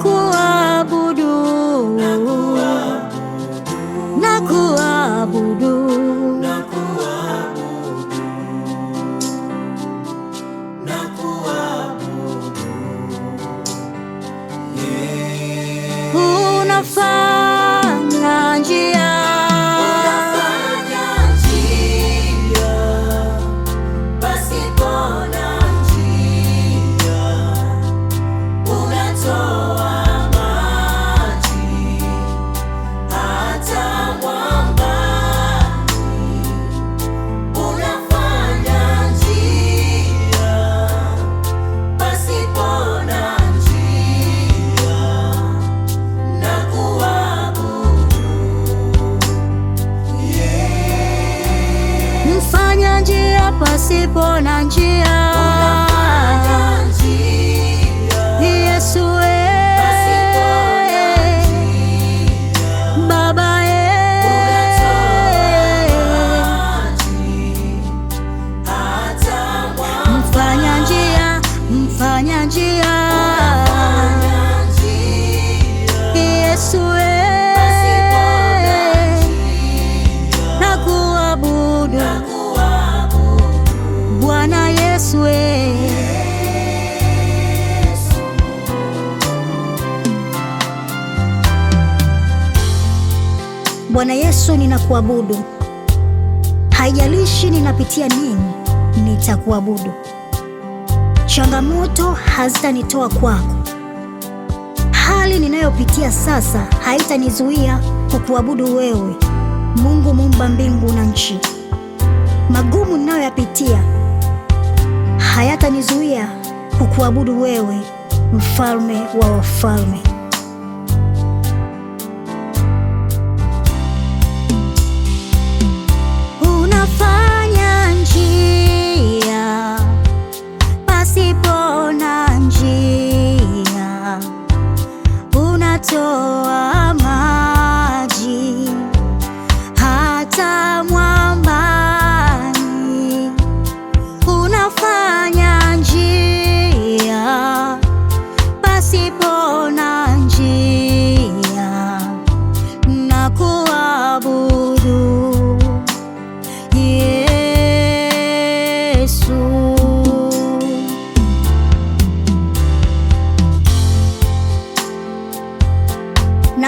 aku pasipo na njia. njia, mfanya njia Yesu, Bwana Yesu ninakuabudu, haijalishi ninapitia nini, nitakuabudu. Changamoto hazitanitoa kwako. Hali ninayopitia sasa haitanizuia kukuabudu wewe, Mungu mumba mbingu na nchi. Magumu ninayoyapitia hayatanizuia kukuabudu wewe, mfalme wa wafalme. Pasipo njia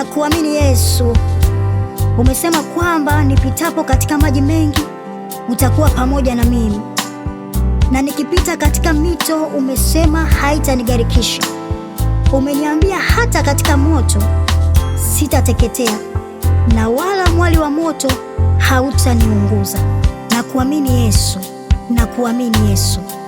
na kuamini Yesu. Umesema kwamba nipitapo katika maji mengi utakuwa pamoja na mimi, na nikipita katika mito umesema haitanigarikisha. Umeniambia hata katika moto sitateketea, na wala mwali wa moto hautaniunguza. Na kuamini Yesu, na kuamini Yesu.